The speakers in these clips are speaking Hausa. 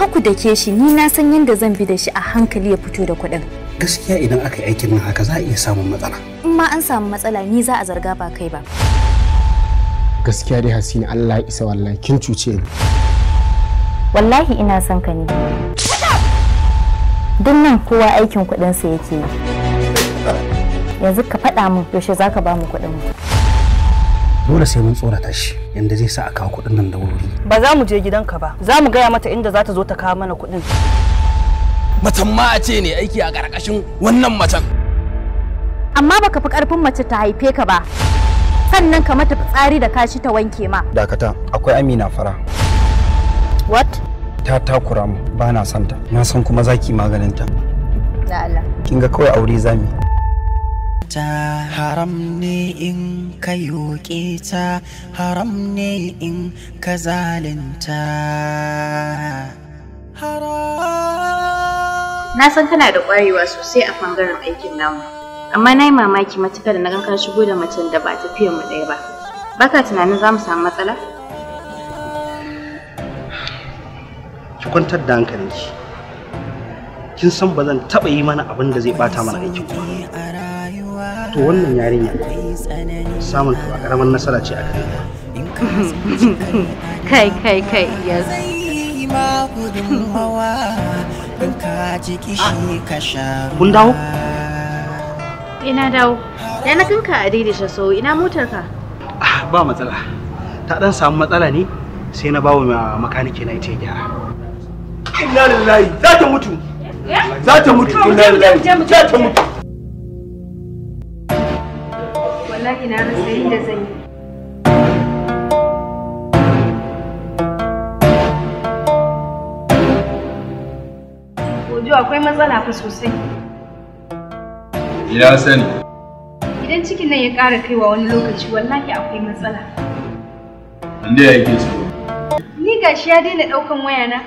haku da ke shi ni na san yadda zan bi da shi a hankali ya fito da kuɗin. Gaskiya idan aka yi aikin nan haka za a iya samun matsala. In ma an samu matsala ni za a zarga ba kai ba. Gaskiya dai Hasini Allah ya isa wallahi kin cuce ni. Wallahi ina son ka ne. Duk nan kowa aikin kuɗinsa yake yi. Yanzu ka faɗa min yaushe za ka ba mu kuɗin mu. dole sai mun tsorata shi yanda zai sa a kawo kuɗin nan da wuri ba za mu je gidanka ba za mu gaya mata inda za ta zo ta kawo mana kuɗin macen ma a ce ne aiki a ƙarƙashin wannan macen amma baka fi ƙarfin mace ta haife ka ba sannan ka mata fitsari da kashi ta wanke ma dakata akwai amina fara what ta takura mu ba na santa na san kuma zaki maganinta da Allah kin ga kawai aure zami ta haram ne in ka yoke ta haram ne in ka zalinta na san kana da kwarewa sosai a fangaren aikin namu amma na yi mamaki matuka da na ganka shigo da macen da ba tafiya mu ɗaya ba baka tunanin za mu samu matsala ki kwantar da hankalinki kin san ba zan taɓa yi mana abin da zai bata mana aikin ba to wannan yarinya samun ta karamar nasara ce a kai kai kai kai yes kun dawo ina dawo da na kanka a daidaita sau ina motar ka ah, ba matsala ta dan samu matsala ne sai na bawa makaniki na ita gyara inna lillahi za ta mutu za ta mutu inna lillahi za ta mutu na rasa inda zan yi Ojo akwai matsala fa sosai. Ya sani. Idan cikin nan ya ƙara kaiwa wani lokaci wallahi akwai matsala. Inda ya yake so. Ni gashi ya daina ɗaukan wayana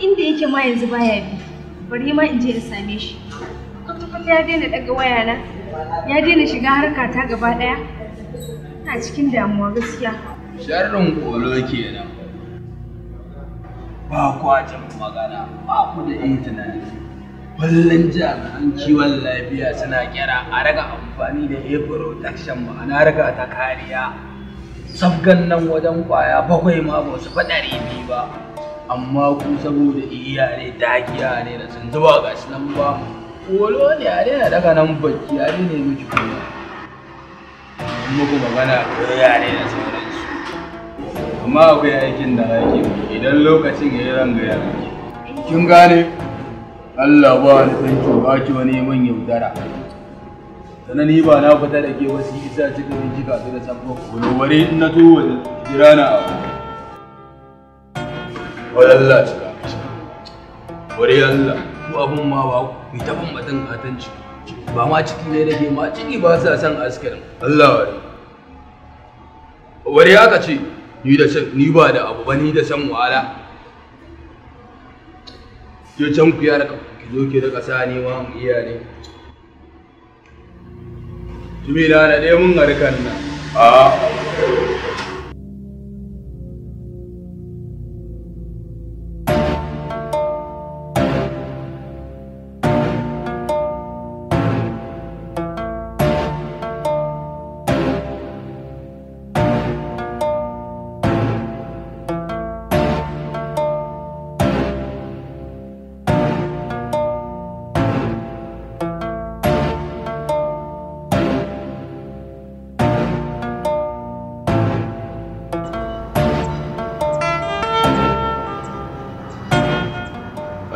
inda yake ma yanzu baya bi. Bari ma in je in same shi. Kwata-kwata ya daina ɗaga wayana. ya daina shiga harka ta gaba ɗaya ina cikin damuwa gaskiya sharrin kolo kenan ba kwajin magana ba ku da yin tunani jami'an kiwon lafiya suna kira a raga amfani da a protection ma'ana raga ta kariya safgan nan wajen kwaya bakwai ma ba su faɗari ne ba amma ku saboda iyare dakiya ne da sun zuba ga nan ba kolo ne a daga nan baki a ne miki kuma muku magana ko yare da sauransu amma akwai aikin da ake idan lokacin ya yi rangaya kin gane Allah ba ni san ki ba ki wani man yaudara sannan ni ba na fita da ke wasu isa cikin min kika su da sabon wani wari na tuwo da jira na abu wani Allah cika wani Allah ko abun ma ba ku yi ta bambatan katanci ba ma ciki ne nake ma ciki ba sa son askirin Allah wari wari aka ce ni da shan ni ba da abu ba ni da san wahala Yo can ku raka ki zo ki rika sa ni ma mu iya ne tumi da na dai mun harkan nan a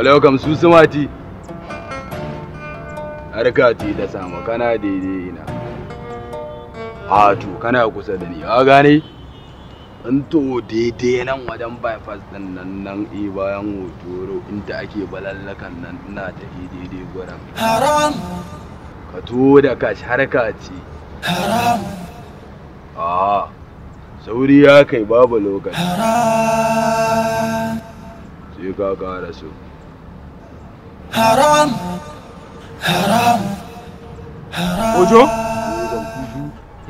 walau kam su sumati harka ce ta samu kana daidai ina a to kana kusa da ni a gane an to daidai nan wajen bypass din nan nan e bayan hotoro inda ake balallakan nan ina yi daidai gurin haram ka to da ka harka ce haram a sauri ya kai babu lokaci sai ka kara su haram haram haram ojo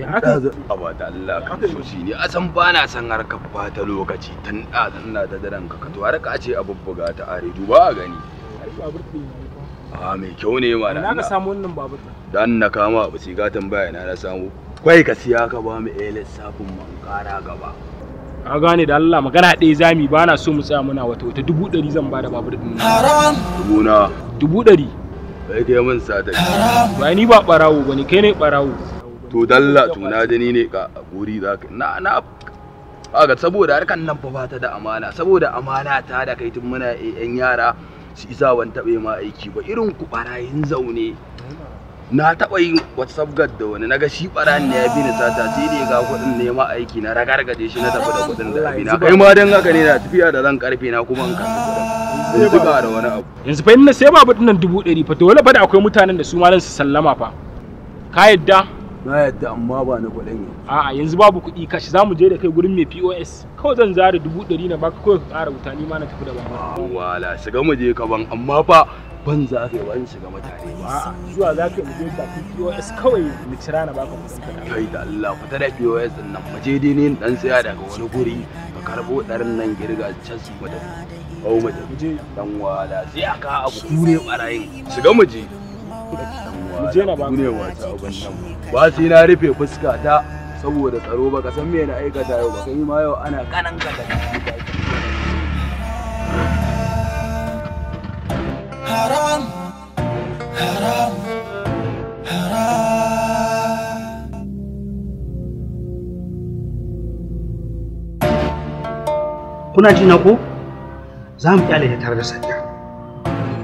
ya haka aba da Allah ka so shi ne a san bana san harkar bata lokaci tun da zanna da daren ka to har ka ce abubbuga ta are duba a gani a mai kyau ne ma na ka samu wannan babur dan na kama abu sai ga tambaya na na samu kai ka siya ka ba mu eh lissafin man gaba ka gane da Allah magana ɗaya zami ba na so mu tsaya muna wata wata dubu ɗari zan bada babur ɗin haram dubu na dubu ɗari ka dai mun sa da ba ni ba barawo ba ni kai ne barawo to dalla to na ni ne ka guri za ka na na kaga saboda harkan nan fa bata da amana saboda amana ta da kai tun muna yan yara su isa ban taɓe ma aiki ba irin ku barayin zaune na taɓa yin whatsapp gad da wani naga shi ɓaran ne ya bi ni ta sai ne ga kuɗin nema aiki na ragargaje shi na tafi da kuɗin da abina kai ma dan haka ne na tafiya da ran karfe na kuma in ka yanzu ba da wani abu yanzu fa inna sai babu dinnan dubu ɗari fa wala ba da akwai mutanen da su ma su sallama fa ka yadda na yadda amma ba na kuɗin yanzu a'a yanzu babu kuɗi kashi za mu je da kai gurin mai POS kawai zan zara dubu ɗari na baka kawai ka ƙara wuta ni ma na tafi da ban wala shiga mu je ka ban amma fa banza aka yi wani shiga mutane ba zuwa za ka yi tafi pos kawai mu cira na baka kudin ka kai da Allah ku tare pos din nan mu je dai ne dan tsaya daga wani guri ka karbo darin nan girga can su mu da au mu je dan wala sai aka abu kure barayin shiga mu je mu je na ba kure wata abun nan ba shi na rufe fuska ta saboda tsaro ba ka san me na aikata yau ba kai ma yau ana kananka da da kuna ji na ko za mu kyale da tare da sanda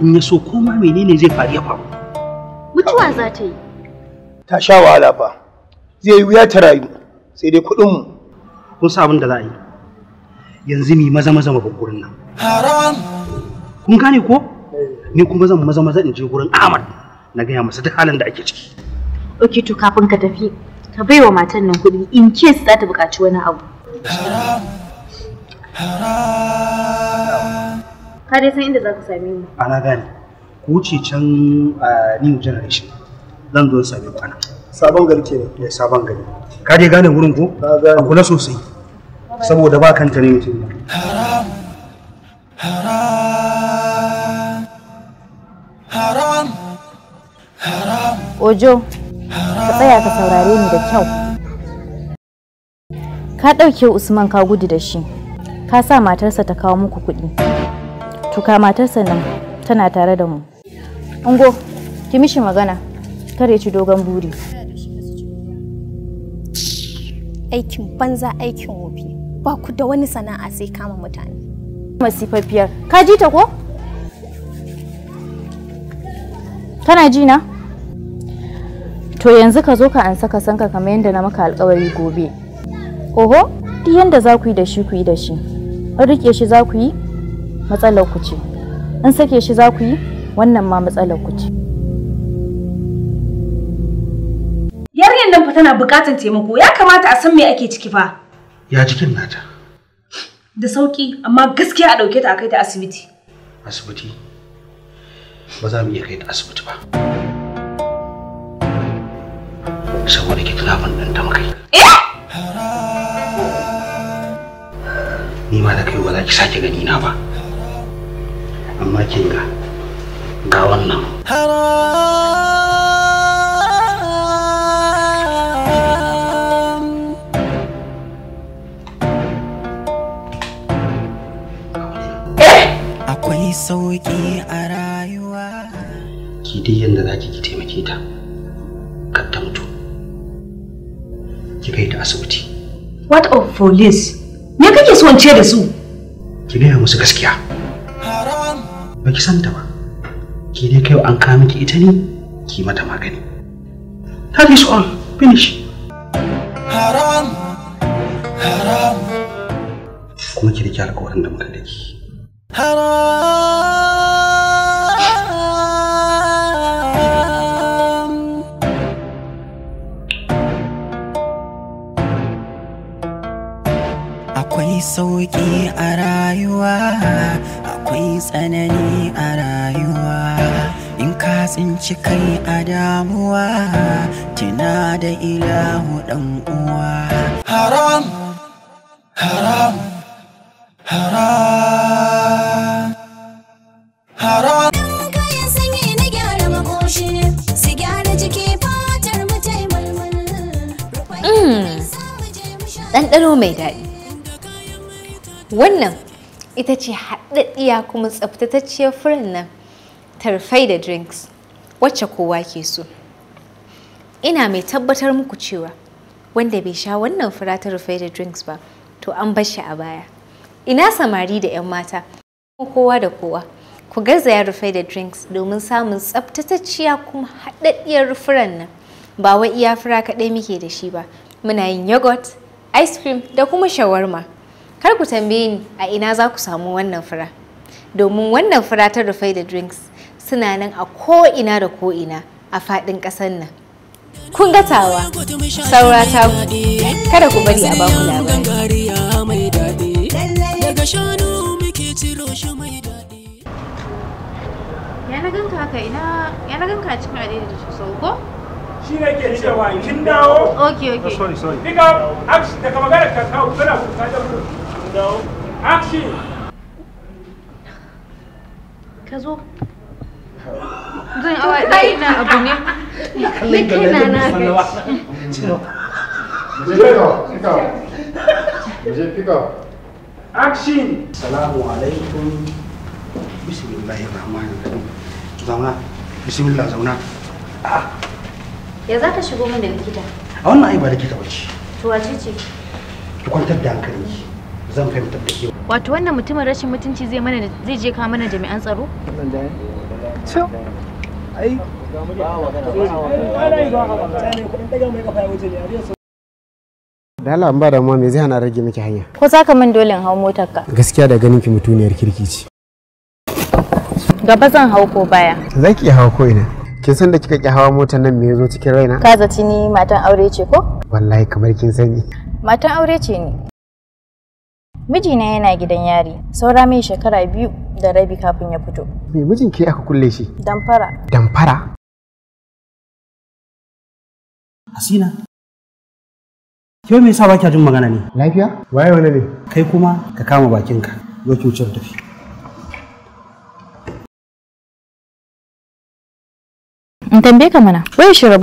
in ya so koma menene zai faru ya faru mutuwa za ta yi ta sha wahala fa zai yi wuya ta rayu sai dai kuɗinmu kun sa abin da za a yi yanzu mi maza maza mabukurin nan haram kun gane ko ni kuma zan maza maza in je gurin Ahmad na gaya masa duk halin da ake ciki Oke to kafin ka tafi ka bai wa matan nan kuɗi in case za ta buƙaci wani abu ka dai san inda za ka same mu ana gane ku wuce can new generation zan zo same ku ana sabon gari ke ne sabon gari ka dai gane wurin ko a kula sosai saboda ba kanta ne mutum haram haram Ojo, ka tsaya ka saurare ni da kyau. Ka ɗauke Usman ka gudu da shi, ka sa matarsa ta kawo muku kuɗi. Tuka matarsa nan tana tare da mu. Ungo, ki mishi magana, kare ci dogon buri. Aikin banza aikin wofi, ba ku da wani sana'a sai kama mutane. Masifafiyar, ka ji ta ko? Kana ji na? to yanzu ka zo ka ansa ka sanka kamar yadda na maka alkawari gobe oho duk yadda za ku yi da shi ku yi da shi in rike shi za ku yi matsalar ku ce in sake shi za ku yi wannan ma matsalar ku ce Yaryan nan fa tana buƙatar taimako ya kamata a san me ake ciki fa ya jikin nata da sauki amma gaskiya a ɗauke ta a kai ta asibiti asibiti ba za mu iya kai ta asibiti ba saboda ki tunafin ɗan ta makai. Eh? Ni ma da kai ba za ki sake gani na ba. Amma kin ga ga wannan. Eh? Akwai sauƙi a rayuwa. Ki dai yadda za ki taimake ta. ki kai ta asibiti what of police me kake so wance da su ki gaya musu gaskiya ba ki santa ba ki dai kai an kawo miki ita ne ki mata magani that is all finish haram haram kuma ki rike alƙawarin da muka dake haram tsanani a rayuwa in ka tsinci kai a damuwa tina da ilahu dan uwa haram haram haram haram hmm, ɗanɗano mai daɗi wannan ita ce haɗaɗɗiya kuma tsaftatacciyar furen nan tarfai da drinks wacce kowa ke so ina mai tabbatar muku cewa wanda bai sha wannan fura ta rufai da drinks ba to an bar shi a baya ina samari da 'yan mata kowa da kowa ku garzaya rufai da drinks domin samun tsaftatacciya kuma haɗaɗɗiyar furen nan ba wai iya fura kaɗai muke da shi ba muna yin yogurt ice cream da kuma shawarma kar ku tambaye ni a ina za ku samu wannan fura domin wannan fura ta rufai da drinks suna nan a ko'ina da ko'ina a faɗin ƙasar nan kun ga tawa saura ta kada ku bari a ba ku labari ya na ganka haka cikin da shi ke kin dawo okay okay sorry sorry pick up action daga magana ka kawo Go. Action. Ka Zan awa ɗaya na abu ne. Ni kaina na gaji. Action. Salamu alaikum. Bismillahir Rahmanir Rahim. Zauna. Bismillah zauna. Ah. Ya za ka shigo min da likita? A wannan ai likita ba ce. To wace ce? Ki kwantar da hankalinki. zan fahimtar da ke wato wannan mutumin rashin mutunci zai mana zai je ka mana jami'an tsaro so ai da Allah ba damuwa me zai hana rage miki hanya ko za ka min dole hau motarka? ka gaskiya da ganin ki mutuniyar kirki ce gaba zan hau ko baya za ki hau ko ina kin san da kika ki hawa motar nan me yazo cikin raina ka zaci ni matan aure ce ko wallahi kamar kin sani matan aure ce ni Mijina yana gidan yari, saura mai shekara biyu da rabi kafin ya fito. Me mijinki aka kulle shi? Damfara. Damfara? Asina. Ke me yasa baki jin magana ne? Lafiya? Waye wani ne? Kai kuma ka kama bakinka. Zo ki wuce tafi. In tambaye ka mana, wai shi